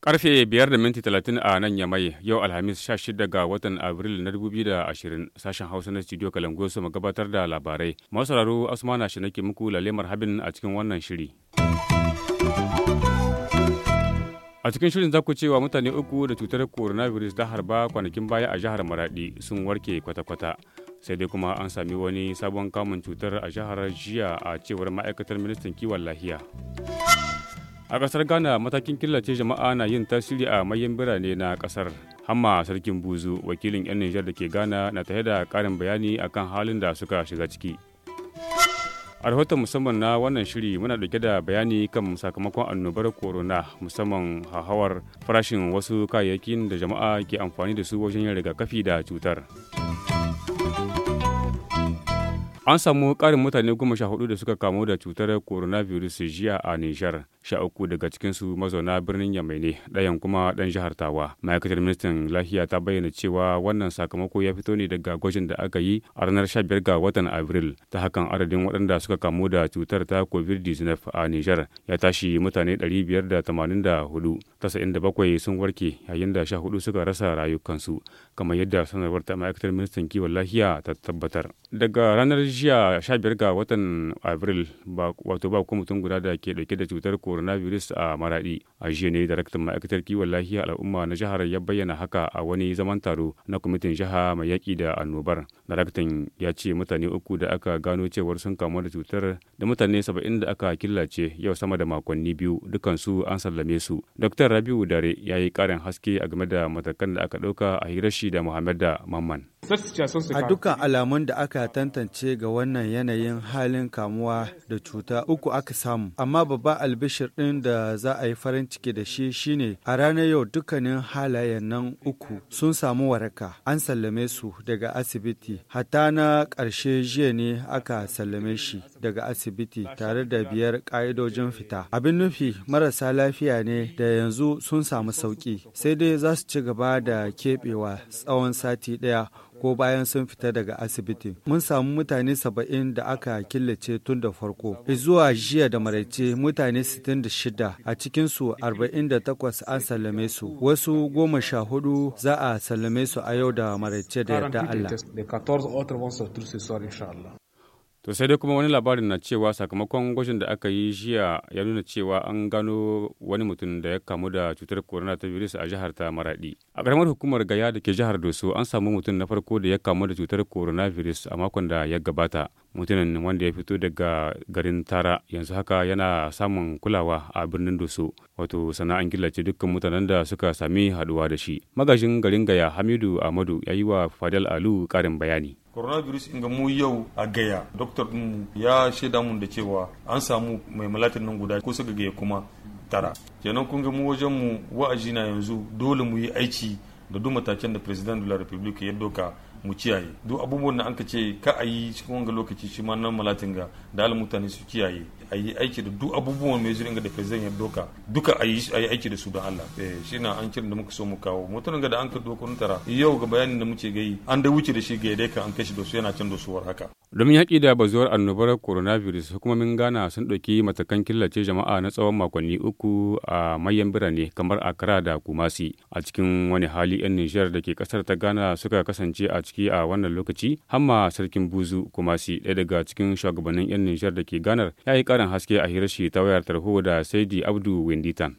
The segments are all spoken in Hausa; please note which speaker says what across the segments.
Speaker 1: Karfe 5 da minti talatin a nan ya mai yau Alhamis sha 16 ga watan Abril na biyu 2020 sashen Hausa na studio Kalangu su gabatar da labarai. Masu sauraro Asmana shi nake muku lalemar habin a cikin wannan shiri. A cikin shirin za ku cewa mutane uku da cutar coronavirus ta harba kwanakin baya a jihar Maradi sun warke kwata-kwata. Sai dai kuma an sami wani sabon kamun cutar a jihar jiya a cewar ma'aikatar ministan kiwon lafiya. A ƙasar Ghana matakin killace jama'a na yin tasiri a mayan birane na ƙasar. Hamma Sarkin Buzu, wakilin 'yan Nijar da ke Ghana na tare da ƙarin bayani akan halin da suka shiga ciki. a rahoton musamman na wannan shiri muna dauke da bayani kan sakamakon annobar corona musamman hauhawar farashin wasu kayayyakin da jama'a ke amfani da su wajen yin rigakafi da cutar. An samu ƙarin mutane goma sha hudu da suka kamu da cutar coronavirus jiya a Nijar, sha uku daga cikin su mazauna birnin Yamai ne, ɗayan kuma ɗan jihar Tawa. Ma'aikatar ministan lahiya ta bayyana cewa wannan sakamako ya fito ne daga gwajin da aka yi a ranar sha biyar ga watan Abril. Ta hakan adadin waɗanda suka kamu da cutar ta COVID-19 a Nijar ya tashi mutane ɗari biyar da tamanin da hudu. da bakwai sun warke yayin da hudu suka rasa rayukansu kamar yadda sanarwar ta ma'aikatar ministan kiwon lafiya ta tabbatar daga ranar jiya biyar ga watan abril wato ba kuma mutum guda da ke dauke da cutar coronavirus a maradi a jiya ne daraktan ma'aikatar kiwon lafiya al'umma na jihar ya bayyana haka a wani zaman taro na kwamitin jiha mai yaƙi da annobar daraktan ya ce mutane uku da aka gano cewar sun kamu da cutar da mutane saba'in da aka killace yau sama da makonni biyu dukansu an sallame su dr rabiu dare ya yi ƙarin haske a game da matakan da aka ɗauka a hirashi da muhammad da mamman A
Speaker 2: dukkan alamun da aka tantance ga wannan yanayin halin kamuwa da cuta uku aka samu, amma babban albishir ɗin da za a yi farin ciki da shi shine a ranar yau dukkanin halayen nan uku sun samu waraka, an sallame su daga asibiti, Hata na ƙarshe jiya ne aka sallame shi daga asibiti tare da biyar ƙa'idojin fita. Abin nufi marasa lafiya ne da yanzu sun samu sauƙi, sai dai za su ci gaba da keɓewa tsawon sati ɗaya. ko bayan sun fita daga asibiti. Mun samu mutane saba'in da aka killace tun da farko. Zuwa jiya da maraice mutane sittin a cikinsu arba'in da takwas an sallame su. Wasu goma sha hudu
Speaker 1: za a sallame su a yau da maraice da yarda Allah. To sai dai kuma wani labarin na cewa sakamakon gwajin da aka yi jiya ya nuna cewa an gano wani mutum da ya kamu da cutar corona ta virus a jihar ta Maradi. A karamar hukumar Gaya da ke jihar Doso an samu mutum na farko da ya kamu da cutar corona virus a makon da ya gabata. Mutumin wanda ya fito daga garin Tara yanzu haka yana samun kulawa a birnin Doso. Wato sana'an killace dukkan mutanen da suka sami haduwa da shi. Magajin garin Gaya Hamidu amadu ya yi wa Fadal Alu karin bayani.
Speaker 2: coronavirus inga mu yau
Speaker 1: a gaya doktor din ya shaida mun da cewa an samu mai malatin nan guda kusa ga gaya kuma tara kenan kun ga mu wajen mu wa'azi na yanzu dole mu yi aiki da duk matakin da president de la republique ya doka mu kiyaye duk abubuwan da an ka ce ka a yi cikin wanga lokaci shi ma nan malatin ga da al mutane su kiyaye a yi aiki da duk abubuwan mai ga da president ya doka duka a yi aiki da su don Allah eh, shi na an kiran da muka so mu kawo mutum da an ka dokun tara yau ga bayanin da muke gayi an da wuce da shi ga yadda an kashi da su yana can da war haka domin yaƙi da bazuwar annobar coronavirus hukumomin gana sun ɗauki matakan killace jama'a na tsawon makonni uku a mayan birane kamar accra da kumasi a cikin wani hali 'yan nijar da ke ƙasar ta gana suka kasance a ciki a wannan lokaci hamma sarkin buzu kumasi ɗaya daga cikin shugabannin 'yan nijar da ke ganar ya yi ƙarin haske a hirashi ta wayar tarho da Saidi Abdu Winditan.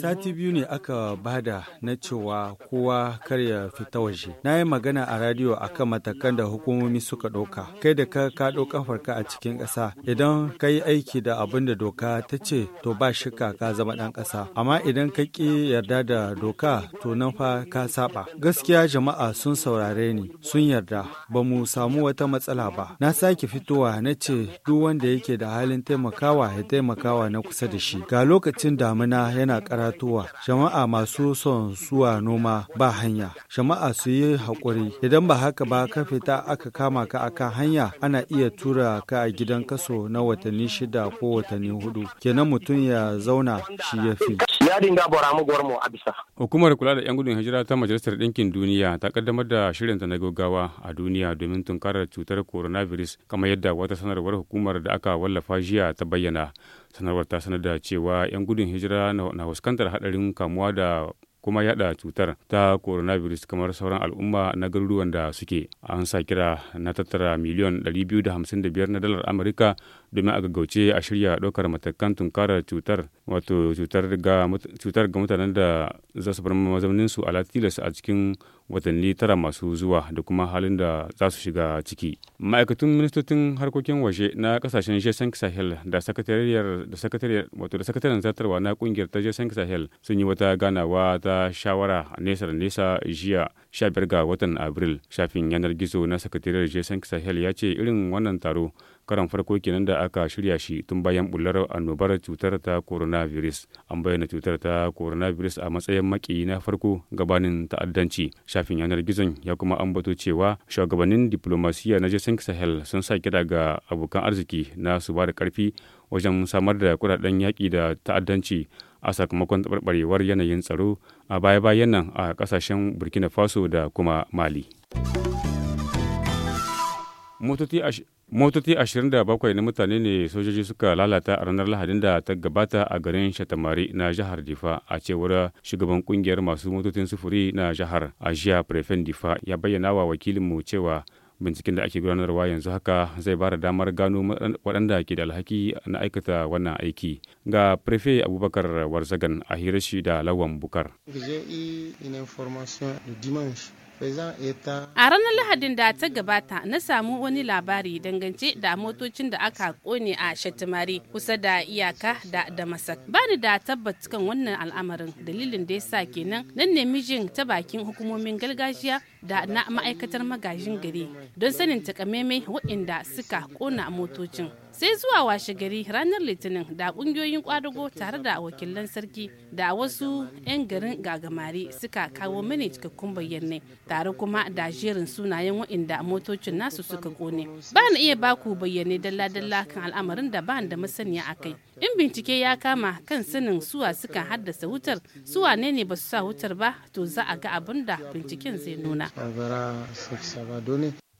Speaker 2: Sati biyu ne aka bada na cewa kowa kar ya fita waje. Na yi magana a radiyo akan matakan da hukumomi suka ɗauka. Kai da ka ka farka a cikin ƙasa. Idan ka yi aiki da abin da doka ta ce to ba shi ka zama ɗan ƙasa. Amma idan ka ƙi yarda da doka to nan fa ka saba. Gaskiya jama'a sun saurare ni sun yarda ba mu samu wata matsala ba. Na sake fitowa na ce duk wanda yake da hali halin taimakawa ya taimakawa na kusa da shi ga lokacin damina yana karatuwa jama'a masu son zuwa noma ba hanya jama'a su yi haƙuri idan ba haka ba ka fita aka kama ka a kan hanya ana iya tura ka a gidan kaso na watanni shida ko watanni hudu kenan mutum ya zauna shi ya fi dadin da bora mu a bisa
Speaker 1: hukumar kula da yan gudun hijira ta majalisar ɗinkin duniya ta kaddamar da shirinta na gaggawa a duniya domin tunkarar cutar coronavirus kamar yadda wata sanarwar hukumar da aka wallafa jiya ta bayyana sanarwar ta sanar da cewa yan gudun hijira na fuskantar haɗarin kamuwa da kuma yada cutar ta coronavirus kamar sauran al'umma na garuruwan da suke an sa kira na tattara miliyan 255 na dalar amurka domin a gaggauce a shirya ɗaukar matakan tunkarar cutar wato cutar ga mutanen da za su bar mazaunin su a latilas a cikin watanni tara masu zuwa da kuma halin da za su shiga ciki ma'aikatun ministocin harkokin waje na kasashen jason sahel da sakatariyar da sakatariyar wato da sakataren zartarwa na kungiyar ta jason sahel sun yi wata ganawa ta shawara a nesa da nesa jiya 15 ga watan abril shafin yanar gizo na sakatariyar jason sahel ya ce irin wannan taro karan farko kenan da aka shirya shi tun bayan bular annobar cutar ta coronavirus an bayyana cutar ta coronavirus a matsayin makiyi na farko gabanin ta'addanci shafin yanar gizon ya kuma ambato cewa shugabannin diplomasiya na jason sahel sun sa kira ga abokan arziki na su ba da karfi wajen samar da kudaden yaƙi da ta'addanci a sakamakon tabarbarewar yanayin tsaro a baya-bayan nan a ƙasashen burkina faso da kuma mali motoci motoci 27 na mutane ne sojoji suka lalata a ranar lahadin da ta gabata a garin shatamari na jihar difa a cewar shugaban kungiyar masu motocin sufuri na jihar ajiya prefen difa ya bayyana wa wakilinmu cewa binciken da ake gudanarwa yanzu haka zai ba da damar gano waɗanda ke da alhaki na aikata wannan aiki ga prefe abubakar warzagan a hirashi da lawan bukar
Speaker 2: A
Speaker 3: ranar Lahadin da ta gabata na samu wani labari dangance da motocin da aka kone a Shatimari kusa da iyaka da Damasak. Bani da tabbat kan wannan al'amarin dalilin da ya sa kenan nan ne mijin ta bakin hukumomin gargajiya da na ma'aikatar magajin gari don sanin takamaimai waɗanda suka kona motocin. sai zuwa washe gari ranar litinin da kungiyoyin kwadago tare da wakilan sarki da wasu 'yan garin gagamari suka kawo mini cikakkun bayyane tare kuma da jerin sunayen waɗanda motocin nasu suka kone ba na iya baku bayyane dalla-dalla kan al'amarin da ba da masaniya a kai in bincike ya kama kan sanin suwa suka haddasa wutar suwa ne ne ba su sa wutar ba to za a ga abin da binciken zai nuna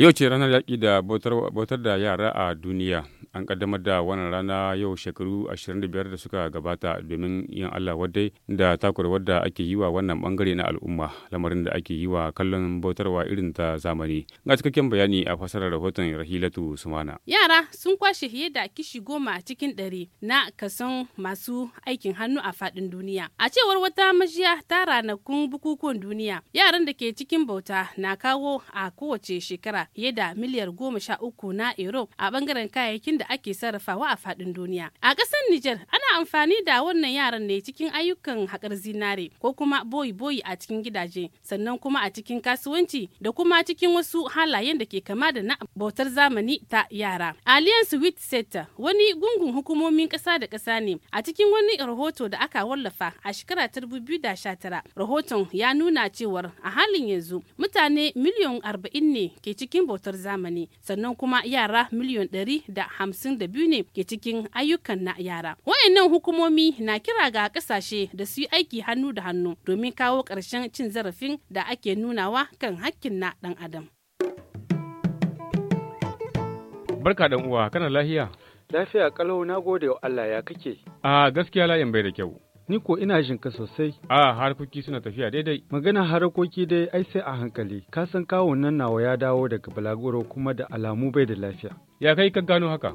Speaker 1: Yau ce ranar yaƙi da bautar da yara a duniya. An kaddamar da wannan rana yau shekaru 25 da suka gabata domin yin Allah wadai da takurwar da ake yi wa wannan bangare na al'umma, lamarin da ake yi wa kallon bautarwa irin ta zamani. Ga cikakken bayani a fasarar rahoton Rahilatu Sumana.
Speaker 3: Yara sun kwashe fiye da kishi goma cikin ɗari na kasan masu aikin hannu a faɗin duniya. A cewar wata majiya ta ranakun bukukuwan duniya, yaran da ke cikin bauta na kawo a kowace shekara fiye da miliyar goma sha uku na euro a bangaren kayayyakin da ake sarrafawa a fadin duniya. A ƙasar Nijar ana amfani da wannan yaran ne cikin ayyukan haƙar zinare ko kuma boyi-boyi a cikin gidaje sannan kuma a cikin kasuwanci da kuma cikin wasu halayen da ke kama da na bautar zamani ta yara. Alliance with center wani gungun hukumomin ƙasa da ƙasa ne a cikin wani rahoto da aka wallafa a shekara ta 2019 rahoton ya nuna cewar a halin yanzu mutane miliyan 40 ne ke cikin cikin bautar zamani sannan kuma yara miliyon ɗari da hamsin da biyu ne ke cikin ayyukan na yara wayannan hukumomi na kira ga ƙasashe da su yi aiki hannu da hannu domin kawo ƙarshen cin zarafin da ake nunawa kan hakkin na ɗan adam
Speaker 1: barka dan uwa kana lahiya
Speaker 2: lafiya kalau na gode wa Allah ya kake
Speaker 1: a gaskiya layin bai da kyau Ni ko ina jin ka sosai. A harkoki suna tafiya daidai. Magana
Speaker 2: harkoki dai ai sai a hankali. Ka san kawun nan nawa ya dawo daga balagoro kuma da alamu bai da lafiya.
Speaker 1: Ya kai ka gano haka?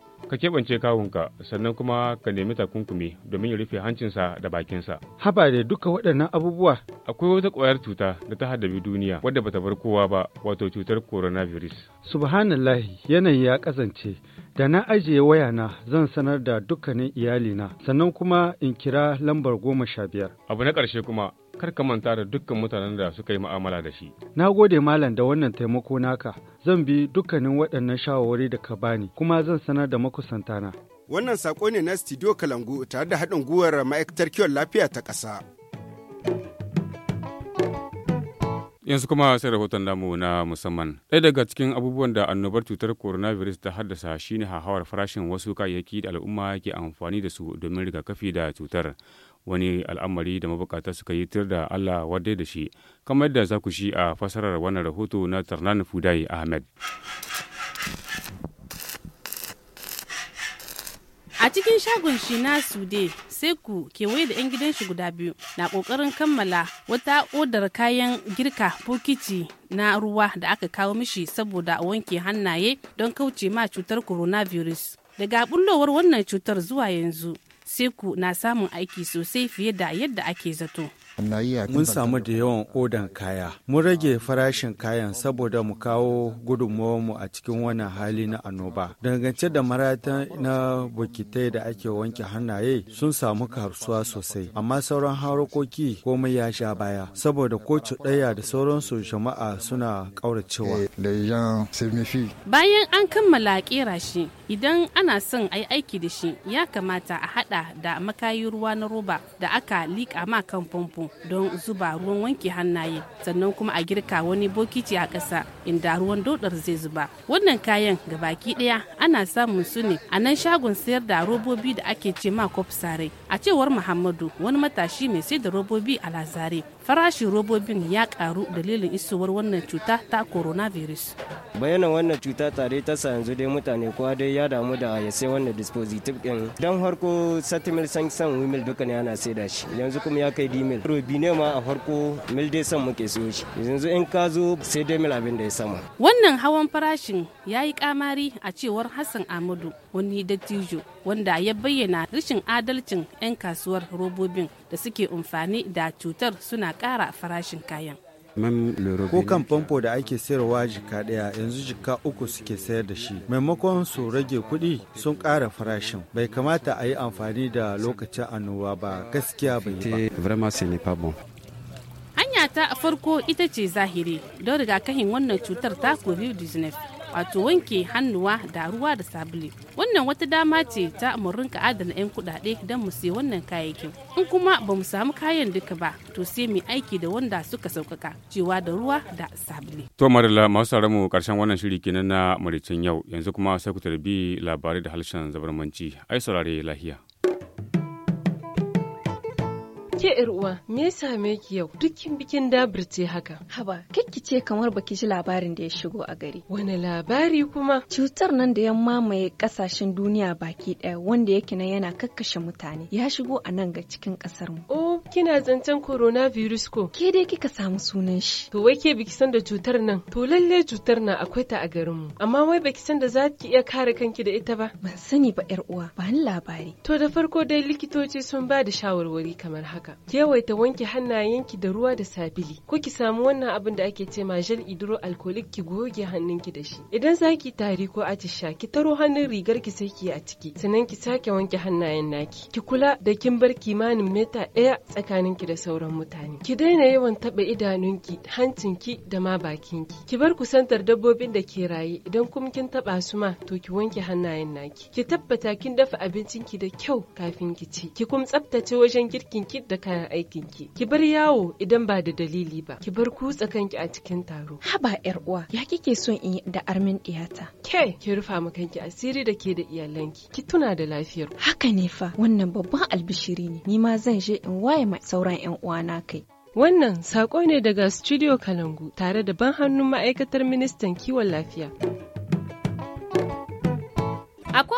Speaker 1: ka keɓance kawunka sannan kuma ka nemi takunkumi domin ya rufe hancinsa da bakinsa. Haba da duka waɗannan abubuwa. Akwai wata ƙwayar cuta da ta haddabi duniya wadda bata bar kowa ba wato cutar coronavirus. Subhanallah, yanayi ya kasance da na ajiye
Speaker 2: wayana zan sanar da dukkanin iyalina sannan kuma in kira lambar goma sha biyar.
Speaker 1: Abu na ƙarshe kuma kar ka manta da dukkan mutanen da suka yi ma'amala da shi.
Speaker 2: Na gode malam da wannan taimako naka. Zan bi dukkanin waɗannan shawarwari da ka bani kuma zan sanar da makusantana.
Speaker 1: Wannan saƙo ne na Studio
Speaker 2: Kalangu tare da haɗin gwiwar ma'aikatar kiwon lafiya ta ƙasa.
Speaker 1: yanzu kuma sai rahoton namu na musamman ɗaya daga cikin abubuwan da annobar cutar coronavirus ta haddasa shi ne hahawar farashin wasu kayayyaki da al'umma ke amfani da su domin rigakafi da cutar wani al'amari da mabukata suka yi tir da Allah wadai da shi kamar yadda za ku shi a fasarar wannan rahoto na Tarnan Fudai Ahmed.
Speaker 3: A cikin shagon shi na Sude, Seku kewaye da 'yan gidan shi guda biyu na kokarin kammala wata odar kayan girka bokiti na ruwa da aka kawo mishi saboda a wanke hannaye don kauce ma cutar coronavirus. Daga bullowar wannan cutar zuwa yanzu, seku na samun aiki sosai fiye da yadda ake zato
Speaker 2: Mun samu da yawan odan kaya. Mun rage farashin kayan saboda mu kawo mu a cikin wannan hali na annoba. Dangance da maratan na bukitai da ake wanke hannaye sun samu karsuwa sosai. Amma sauran harokoki komai ya sha baya. Saboda ko ɗaya da sauransu jama'a suna ƙauracewa. Eh,
Speaker 3: Bayan an kammala ƙera shi, idan ana son a yi aiki da shi, ya kamata a haɗa da makayi ruwa na roba da aka liƙa ma kan famfo. don zuba ruwan wanke hannaye sannan kuma a girka wani bokiti a ƙasa inda ruwan dodar zai zuba wannan kayan ga baki ɗaya ana samun su ne a nan shagon sayar da robobi da ake ce ma kwafsarai a cewar muhammadu wani matashi mai sai da robobi a lazare farashin robobin ya karu dalilin isowar wannan cuta ta coronavirus
Speaker 2: bayanan wannan cuta tare ta sa yanzu dai mutane kowa dai ya damu da ya sai wannan dispositif din don harko satimil san san wimil duka ne ana sai da shi yanzu kuma ya kai dimil robi ne ma a harko mil dai san muke so shi yanzu in ka zo sai dai mil abin da ya sama
Speaker 3: wannan hawan farashin ya yi kamari a cewar hassan amadu wani dattijo wanda ya bayyana rashin adalcin 'yan kasuwar robobin da suke amfani da cutar suna kara farashin kayan.
Speaker 2: ko kan famfo da ake sayarwa jika daya yanzu jika uku suke sayar da shi maimakon su rage kuɗi sun kara farashin bai kamata a yi amfani da lokacin annoba ba gaskiya bai yi
Speaker 1: ba
Speaker 3: hanya ta farko ita ce zahiri don rigakafin wannan cutar ta covid-19 wato wanke hannuwa da ruwa da sabulu wannan wata dama ce ta mu ka adana 'yan kudade don mu sai wannan kayayyakin in kuma ba mu samu kayan duka ba to sai mu aiki da wanda suka sauƙaƙa cewa da ruwa da sabulu.
Speaker 1: to marilla masu mu karshen wannan shiri kenan na maricin yau yanzu kuma sai ku tarbi labarai da harshen zabarmanci ai saurare lahiya.
Speaker 4: Ke ƴar uwa, me ya same ki yau? Dukkin bikin dabir ce haka. Haba, kikki ce kamar baki ji labarin da ya shigo a gari. Wani labari kuma? Cutar nan da ya mamaye kasashen duniya baki ɗaya wanda yake na yana kakkashe mutane. Ya shigo a nan ga cikin kasar mu. Oh, kina zancen coronavirus ko? Ke dai kika samu sunan shi. To wai ke biki san da cutar nan? To lalle cutar nan akwai ta a garin mu. Amma wai baki san da za ki iya kare kanki da ita ba? Ban sani ba ƴar uwa, ba ni labari. To da farko dai likitoci sun ba da shawarwari kamar haka. haka yawaita wanke hannayenki da ruwa da sabili ko ki samu wannan abin da ake ce ma idro alkolik ki goge hannunki da shi idan zaki tari ko atisha ki taro hannun rigar ki sai ki a ciki sannan ki sake wanke hannayen naki ki kula da kin bar kimanin mita ɗaya tsakanin ki da sauran mutane ki daina yawan taɓa idanunki hancinki da ma bakinki ki bar kusantar dabbobin da ke raye idan kuma kin taɓa su ma to ki wanke hannayen naki ki tabbata kin dafa abincinki da kyau kafin ki ci ki kuma tsaftace wajen girkinki da kayan aikin ki ki bar yawo idan ba da dalili ba ki bar kutsa kanki a cikin taro haba yar uwa ya kike son in da armin diyata ke ki rufa ma kanki asiri da ke da iyalanki ki tuna da lafiyar haka ne fa wannan babban albishiri ne ni ma zan je in waye mai sauran yan uwa na kai Wannan saƙo ne daga Studio Kalangu tare da ban hannun ma'aikatar ministan kiwon lafiya.